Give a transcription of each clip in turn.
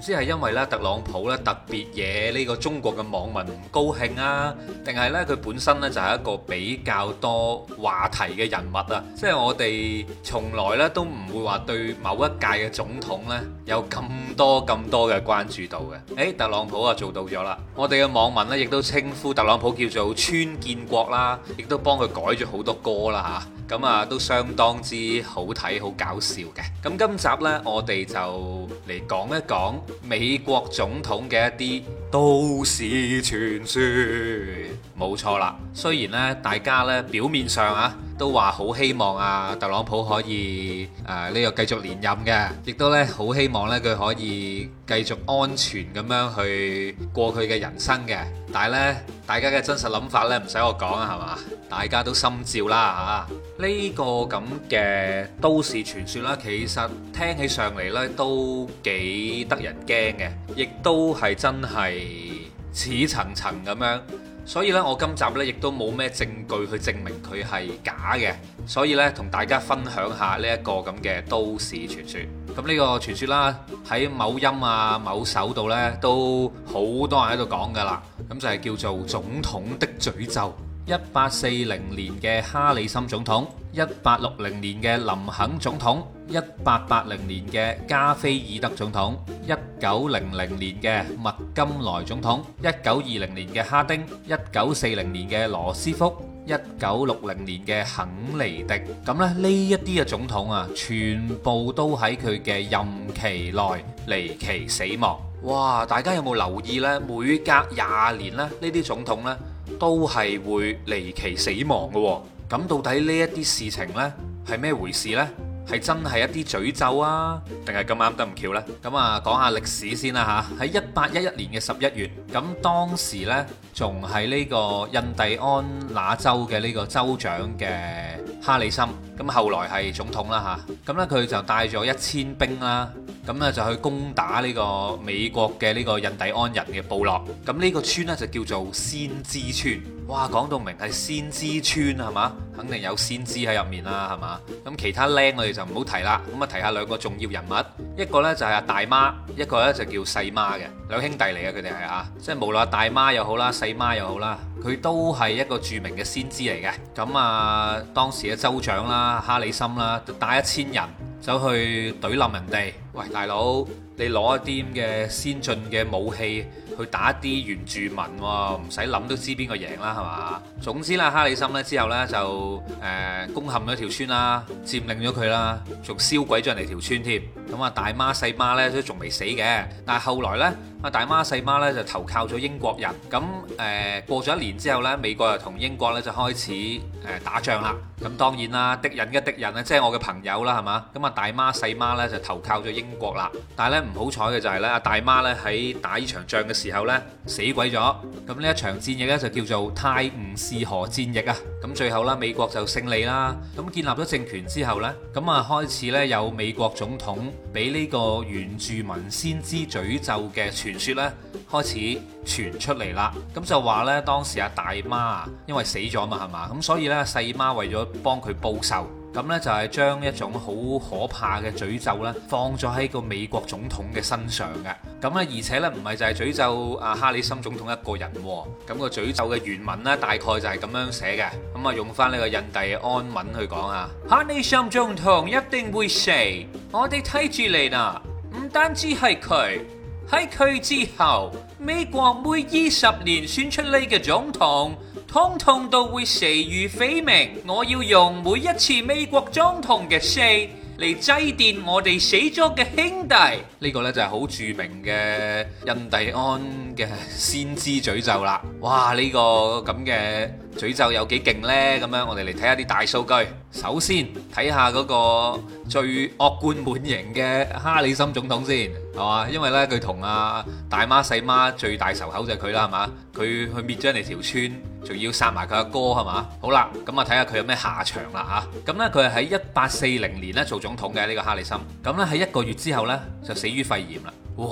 知係因為咧特朗普咧特別惹呢個中國嘅網民唔高興啊，定係呢？佢本身呢，就係一個比較多話題嘅人物啊，即係我哋從來咧都唔會話對某一屆嘅總統呢有咁多咁多嘅關注度嘅。誒，特朗普啊做到咗啦，我哋嘅網民呢，亦都稱呼特朗普叫做川建國啦，亦都幫佢改咗好多歌啦嚇，咁啊都相當之好睇好搞笑嘅。咁今集呢，我哋就嚟講一講。美國總統嘅一啲。都市傳説冇錯啦，雖然咧大家咧表面上啊都話好希望啊特朗普可以誒呢個繼續連任嘅，亦都咧好希望咧佢可以繼續安全咁樣去過佢嘅人生嘅，但係咧大家嘅真實諗法咧唔使我講啊，係嘛？大家都心照啦嚇。呢個咁嘅都市傳説啦，其實聽起上嚟咧都幾得人驚嘅，亦都係真係。似層層咁樣，所以呢，我今集呢亦都冇咩證據去證明佢係假嘅，所以呢，同大家分享下呢一個咁嘅都市傳說。咁呢個傳說啦，喺某音啊、某手度呢，都好多人喺度講噶啦，咁就係叫做總統的詛咒。一八四零年嘅哈里森總統，一八六零年嘅林肯總統，一八八零年嘅加菲爾德總統，一九零零年嘅麥金萊總統，一九二零年嘅哈丁，一九四零年嘅羅斯福，一九六零年嘅肯尼迪。咁咧呢一啲嘅總統啊，全部都喺佢嘅任期內離奇死亡。哇！大家有冇留意呢？每隔廿年咧，呢啲總統咧，都係會離奇死亡嘅，哦，咁到底呢一啲事情呢係咩回事呢？係真係一啲詛咒啊，定係咁啱得唔巧呢？咁啊，講下歷史先啦吓。喺一八一一年嘅十一月，咁當時呢仲係呢個印第安那州嘅呢個州長嘅哈里森，咁後來係總統啦吓。咁呢佢就帶咗一千兵啦，咁呢就去攻打呢個美國嘅呢個印第安人嘅部落。咁呢個村呢就叫做先知村。哇，講到明係先知村係嘛？肯定有先知喺入面啦，係嘛。咁其他靚我哋就唔好提啦。咁啊，提下兩個重要人物，一個呢就係阿大媽，一個呢就叫細媽嘅，兩兄弟嚟嘅，佢哋係啊。即係無論阿大媽又好啦，細媽又好啦，佢都係一個著名嘅先知嚟嘅。咁啊，當時嘅州長啦，哈里森啦，就帶一千人走去懟冧人哋。喂，大佬，你攞一啲噉嘅先進嘅武器去打啲原住民喎，唔使諗，都知邊個贏啦，係嘛？總之啦，哈里森咧之後咧就誒攻陷咗條村啦，佔領咗佢啦，仲燒鬼咗人哋條村添。咁啊，大媽細媽咧都仲未死嘅，但係後來咧，啊大媽細媽咧就投靠咗英國人。咁誒過咗一年之後咧，美國又同英國咧就開始誒打仗啦。咁當然啦，敵人嘅敵人咧即係我嘅朋友啦，係嘛？咁啊，大媽細媽咧就投靠咗英。英國啦，但係咧唔好彩嘅就係咧，阿大媽咧喺打呢場仗嘅時候咧死鬼咗。咁呢一場戰役咧就叫做泰晤士河戰役啊。咁最後啦，美國就勝利啦。咁建立咗政權之後呢，咁啊開始呢，有美國總統俾呢個原住民先知詛咒嘅傳說呢，開始傳出嚟啦。咁就話呢，當時阿大媽啊因為死咗嘛係嘛，咁所以呢，細媽為咗幫佢報仇。咁咧就係將一種好可怕嘅詛咒咧放咗喺個美國總統嘅身上嘅，咁咧而且咧唔係就係詛咒啊，哈里森總統一個人喎，咁個詛咒嘅原文咧大概就係咁樣寫嘅，咁啊用翻呢個印第安文去講啊，哈里森總統一定會死，我哋睇住你啦，唔單止係佢，喺佢之後美國每二十年選出嚟嘅總統通通都會死於非命，我要用每一次美國總統嘅死嚟祭奠我哋死咗嘅兄弟。呢個呢，就係好著名嘅印第安嘅先知詛咒啦。哇！呢、呢個咁嘅詛咒有幾勁呢？咁樣我哋嚟睇下啲大數據。首先睇下嗰個最惡貫滿盈嘅哈里森總統先。係嘛？因為呢，佢同阿大媽細媽最大仇口就係佢啦，係嘛？佢去滅咗你條村，仲要殺埋佢阿哥，係嘛？好啦，咁啊睇下佢有咩下場啦嚇。咁咧，佢係喺一八四零年咧做總統嘅呢個哈里森。咁呢，喺一個月之後呢，就死於肺炎啦。哇，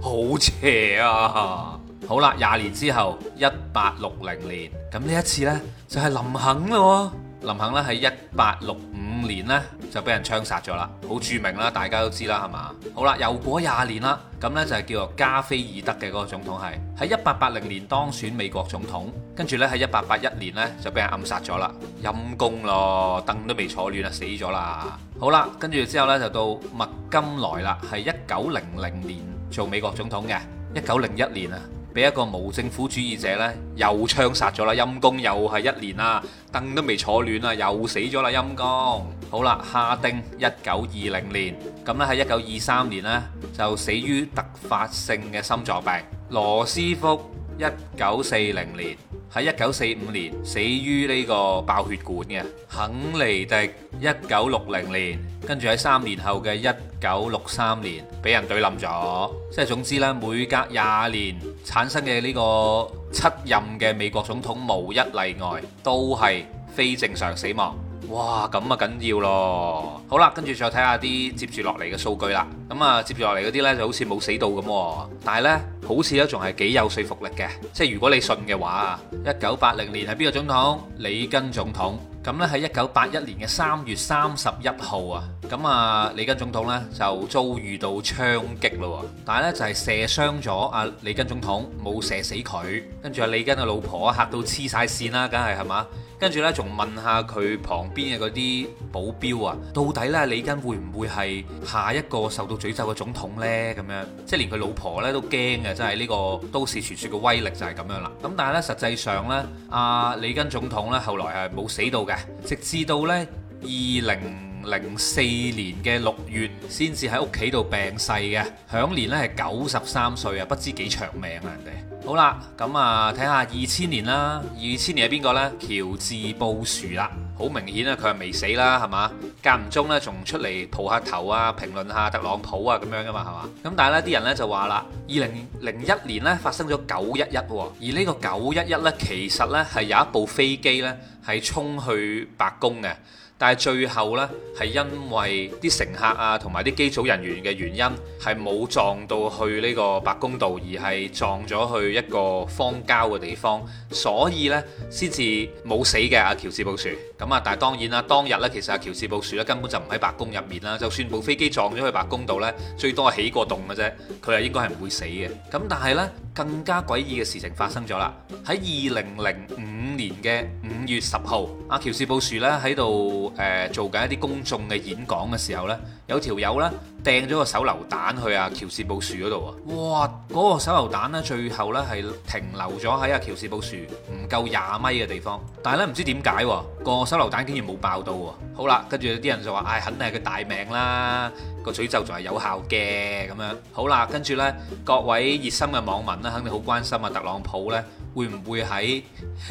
好邪啊！好啦，廿年之後一八六零年，咁呢一次呢，就係林肯咯。林肯呢，喺一八六五年咧就俾人槍殺咗啦，好著名啦，大家都知啦，係嘛？好啦，又過廿年啦，咁呢，就係叫做加菲爾德嘅嗰個總統，係喺一八八零年當選美國總統，跟住呢，喺一八八一年呢，就俾人暗殺咗啦，陰公咯，凳都未坐暖啊，死咗啦！好啦，跟住之後呢，就到麥金萊啦，係一九零零年做美國總統嘅，一九零一年啊，俾一個無政府主義者呢，又槍殺咗啦，陰公又係一年啦，凳都未坐暖啊，又死咗啦，陰公。好啦，哈丁，一九二零年，咁咧喺一九二三年呢，就死於突發性嘅心臟病。羅斯福一九四零年，喺一九四五年死於呢個爆血管嘅。肯尼迪一九六零年，跟住喺三年後嘅一九六三年俾人對冧咗。即係總之呢，每隔廿年產生嘅呢個七任嘅美國總統，無一例外都係非正常死亡。哇，咁啊緊要咯！好啦，跟住再睇下啲接住落嚟嘅數據啦。咁、嗯、啊，接住落嚟嗰啲呢就好似冇死到咁喎，但係呢，好似都仲係幾有說服力嘅。即係如果你信嘅話，一九八零年係邊個總統？李根總統。咁呢，喺一九八一年嘅三月三十一號啊。咁啊，里根總統呢就遭遇到槍擊咯，但係呢，就係、是、射傷咗阿、啊、里根總統，冇射死佢。跟住阿里根嘅老婆嚇到黐晒線啦，梗係係嘛？跟住呢，仲問下佢旁邊嘅嗰啲保鏢啊，到底呢？里根會唔會係下一個受到詛咒嘅總統呢？咁樣即係連佢老婆呢都驚嘅，真係呢個都市傳說嘅威力就係咁樣啦。咁但係呢，實際上呢，阿、啊、里根總統呢後來係冇死到嘅，直至到呢，二零零四年嘅六月，先至喺屋企度病逝嘅，享年咧係九十三歲啊，不知幾長命啊人哋。好啦，咁啊睇下二千年啦，二千年係邊個呢？喬治布殊啦，好明顯啊，佢係未死啦，係嘛？間唔中呢，仲出嚟蒲下頭啊，評論下特朗普啊，咁樣噶嘛，係嘛？咁但係呢啲人呢，人就話啦，二零零一年呢，發生咗九一一，而呢個九一一呢，其實呢，係有一部飛機呢，係衝去白宮嘅。但係最後呢，係因為啲乘客啊，同埋啲機組人員嘅原因，係冇撞到去呢個白宮度，而係撞咗去一個荒郊嘅地方，所以呢先至冇死嘅阿喬治布殊。咁啊，但係當然啦，當日呢其實阿喬治布殊呢根本就唔喺白宮入面啦。就算部飛機撞咗去白宮度呢，最多係起個洞嘅啫，佢係應該係唔會死嘅。咁但係呢。更加詭異嘅事情發生咗啦！喺二零零五年嘅五月十號，阿、啊、喬士布殊呢喺度誒做緊一啲公眾嘅演講嘅時候呢，有條友呢。掟咗個手榴彈去啊喬士布樹嗰度啊。哇！嗰、那個手榴彈呢，最後呢係停留咗喺啊喬士布樹唔夠廿米嘅地方，但係呢，唔知點解個手榴彈竟然冇爆到喎。好啦，跟住有啲人就話，唉、哎，肯定係佢大命啦，個詛咒仲係有效嘅咁樣。好啦，跟住呢，各位熱心嘅網民呢，肯定好關心啊特朗普呢會唔會喺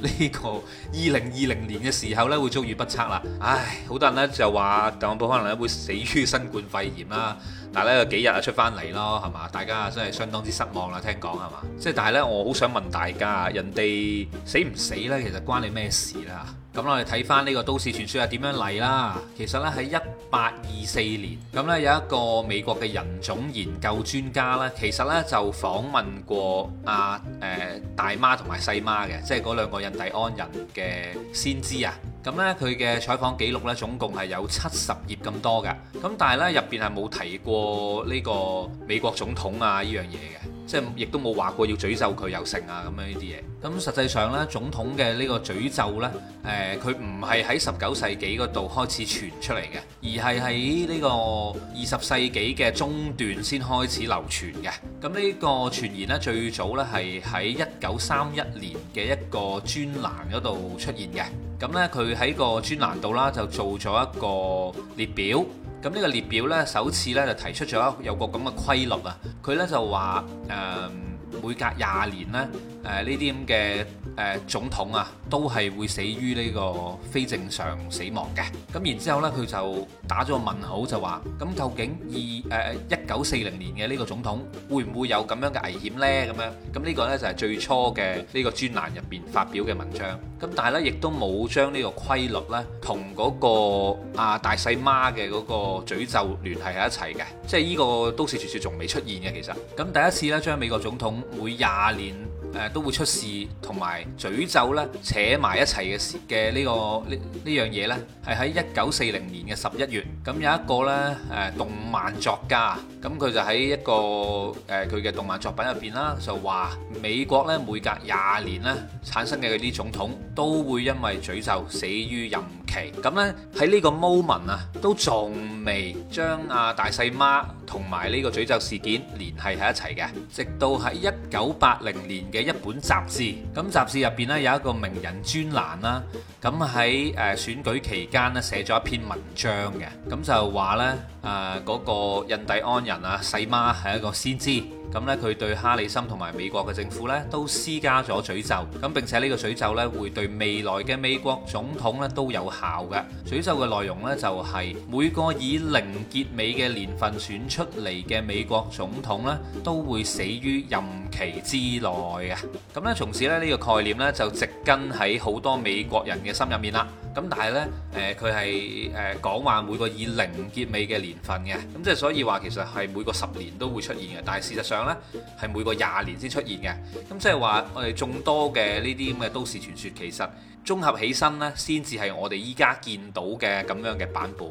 呢個二零二零年嘅時候呢會遭遇不測啦？唉，好多人呢就話特朗普可能咧會死於新冠肺炎啦。但係呢，幾日啊出翻嚟咯，係嘛？大家真係相當之失望啦，聽講係嘛？即係但係呢，我好想問大家人哋死唔死呢？其實關你咩事啦？咁我哋睇翻呢個都市傳說係，點樣嚟啦？其實呢，喺一八二四年，咁呢，有一個美國嘅人種研究專家呢，其實呢，就訪問過阿、啊、誒、呃、大媽同埋細媽嘅，即係嗰兩個印第安人嘅先知啊。咁呢，佢嘅採訪記錄呢，總共係有七十頁咁多嘅。咁但係呢，入邊係冇提過呢個美國總統啊，呢樣嘢嘅。即係亦都冇話過要詛咒佢又成啊咁樣呢啲嘢。咁實際上呢，總統嘅呢個詛咒呢，誒佢唔係喺十九世紀嗰度開始傳出嚟嘅，而係喺呢個二十世紀嘅中段先開始流傳嘅。咁呢個傳言呢，最早呢係喺一九三一年嘅一個專欄嗰度出現嘅。咁呢，佢喺個專欄度啦就做咗一個列表。咁呢個列表呢，首次呢就提出咗有個咁嘅規律啊！佢呢就話誒、呃、每隔廿年呢，誒呢啲咁嘅誒總統啊，都係會死於呢個非正常死亡嘅。咁然之後呢，佢就打咗個問號就話：「咁究竟二誒一九四零年嘅呢個總統會唔會有咁樣嘅危險呢？」咁樣咁呢個呢，就係、是、最初嘅呢個專欄入邊發表嘅文章。咁但係咧，亦都冇將呢個規律咧，同嗰個啊大細媽嘅嗰個詛咒聯繫喺一齊嘅，即係呢個都市傳說仲未出現嘅其實。咁第一次咧，將美國總統每廿年誒都會出詛、這個、事同埋詛咒咧扯埋一齊嘅時嘅呢個呢呢樣嘢呢，係喺一九四零年嘅十一月。咁有一個咧誒動漫作家，咁佢就喺一個誒佢嘅動漫作品入邊啦，就話美國咧每隔廿年咧產生嘅啲總統。都會因為詛咒死於任期。咁咧喺呢個 moment 啊，都仲未將啊大細媽，同埋呢個詛咒事件聯繫喺一齊嘅，直到喺一九八零年嘅一本雜誌，咁雜誌入邊咧有一個名人專欄啦，咁喺誒選舉期間咧寫咗一篇文章嘅，咁就話咧誒嗰個印第安人啊細媽係一個先知，咁咧佢對哈里森同埋美國嘅政府咧都施加咗詛咒，咁並且呢個詛咒咧會對未來嘅美國總統咧都有效嘅。詛咒嘅內容咧就係每個以零結尾嘅年份選出出嚟嘅美國總統咧都會死於任期之內嘅，咁咧從此咧呢個概念，咧就植根喺好多美國人嘅心入面啦。咁但係呢，誒佢係誒講話每個以零結尾嘅年份嘅，咁即係所以話其實係每個十年都會出現嘅，但係事實上呢，係每個廿年先出現嘅。咁即係話我哋眾多嘅呢啲咁嘅都市傳說其實。綜合起身咧，先至係我哋依家見到嘅咁樣嘅版本。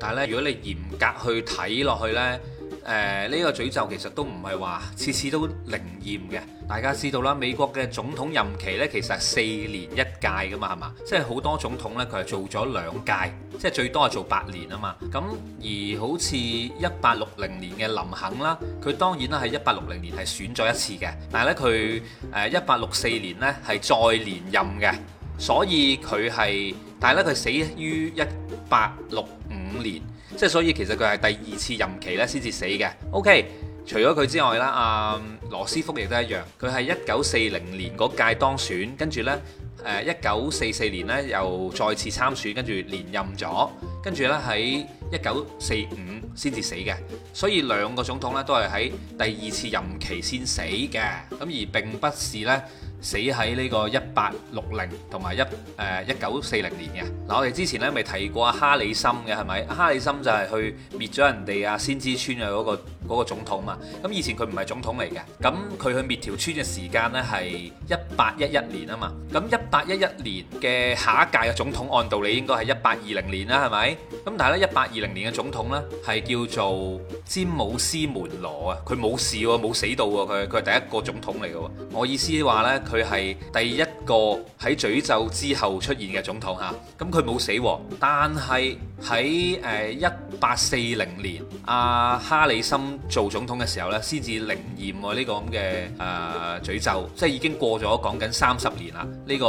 但係咧，如果你嚴格去睇落去咧，誒呢個詛咒其實都唔係話次次都靈驗嘅。大家知道啦，美國嘅總統任期呢，其實係四年一屆噶嘛，係嘛？即係好多總統呢，佢係做咗兩屆，即係最多係做八年啊嘛。咁而好似一八六零年嘅林肯啦，佢當然啦係一八六零年係選咗一次嘅，但係咧佢誒一八六四年呢，係再連任嘅。所以佢係，但係咧佢死於一八六五年，即係所以其實佢係第二次任期咧先至死嘅。OK，除咗佢之外啦，阿、嗯、羅斯福亦都一樣，佢係一九四零年嗰屆當選，跟住呢，誒一九四四年呢又再次參選，跟住連任咗，跟住呢喺一九四五先至死嘅。所以兩個總統呢都係喺第二次任期先死嘅，咁而並不是呢。死喺呢個一八六零同埋一誒一九四零年嘅。嗱，我哋之前咧咪提過哈里森嘅係咪？哈里森就係去滅咗人哋啊先知村嘅嗰個。嗰個總統嘛，咁以前佢唔係總統嚟嘅，咁佢去滅條村嘅時間呢，係一八一一年啊嘛，咁一八一一年嘅下一屆嘅總統按道理應該係一八二零年啦，係咪？咁但係咧一八二零年嘅總統呢，係叫做詹姆斯門羅啊，佢冇事喎，冇死到喎，佢佢係第一個總統嚟嘅喎，我意思話呢，佢係第一個喺詛咒之後出現嘅總統嚇，咁佢冇死，但係喺誒一八四零年阿哈里森。做總統嘅時候呢，先至靈驗喎呢個咁嘅誒詛咒，即係已經過咗講緊三十年啦，呢個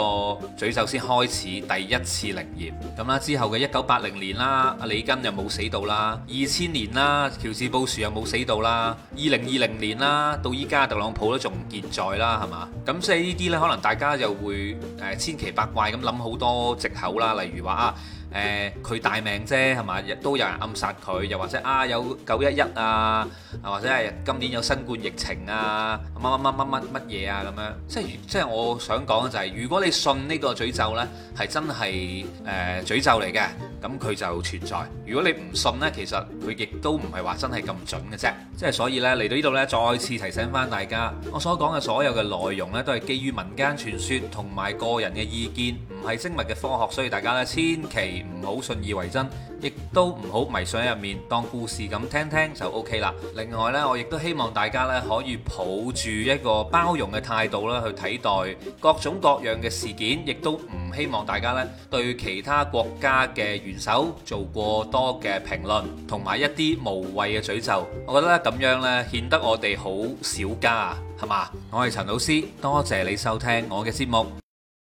詛咒先開始第一次靈驗。咁啦，之後嘅一九八零年啦，阿李根又冇死到啦，二千年啦，喬治布殊又冇死到啦，二零二零年啦，到依家特朗普都仲健在啦，係嘛？咁所以呢啲呢，可能大家又會誒千奇百怪咁諗好多藉口啦，例如話啊。誒佢、呃、大命啫，係嘛？亦都有人暗殺佢，又或者啊有九一一啊，啊又或者係、啊、今年有新冠疫情啊，乜乜乜乜乜乜嘢啊咁樣，即係即係我想講嘅就係、係，如果你信呢個詛咒呢，係真係誒、呃、詛咒嚟嘅。咁佢就存在。如果你唔信呢，其實佢亦都唔係話真係咁準嘅啫。即係所以呢嚟到呢度呢，再次提醒翻大家，我所講嘅所有嘅內容呢，都係基於民間傳說同埋個人嘅意見，唔係精密嘅科學。所以大家呢，千祈唔好信以為真，亦都唔好迷信喺入面，當故事咁聽聽就 OK 啦。另外呢，我亦都希望大家呢可以抱住一個包容嘅態度啦，去睇待各種各樣嘅事件，亦都唔。希望大家咧，對其他國家嘅元首做過多嘅評論同埋一啲無謂嘅詛咒，我覺得咧，咁樣咧，顯得我哋好小家啊，係嘛？我係陳老師，多謝你收聽我嘅節目。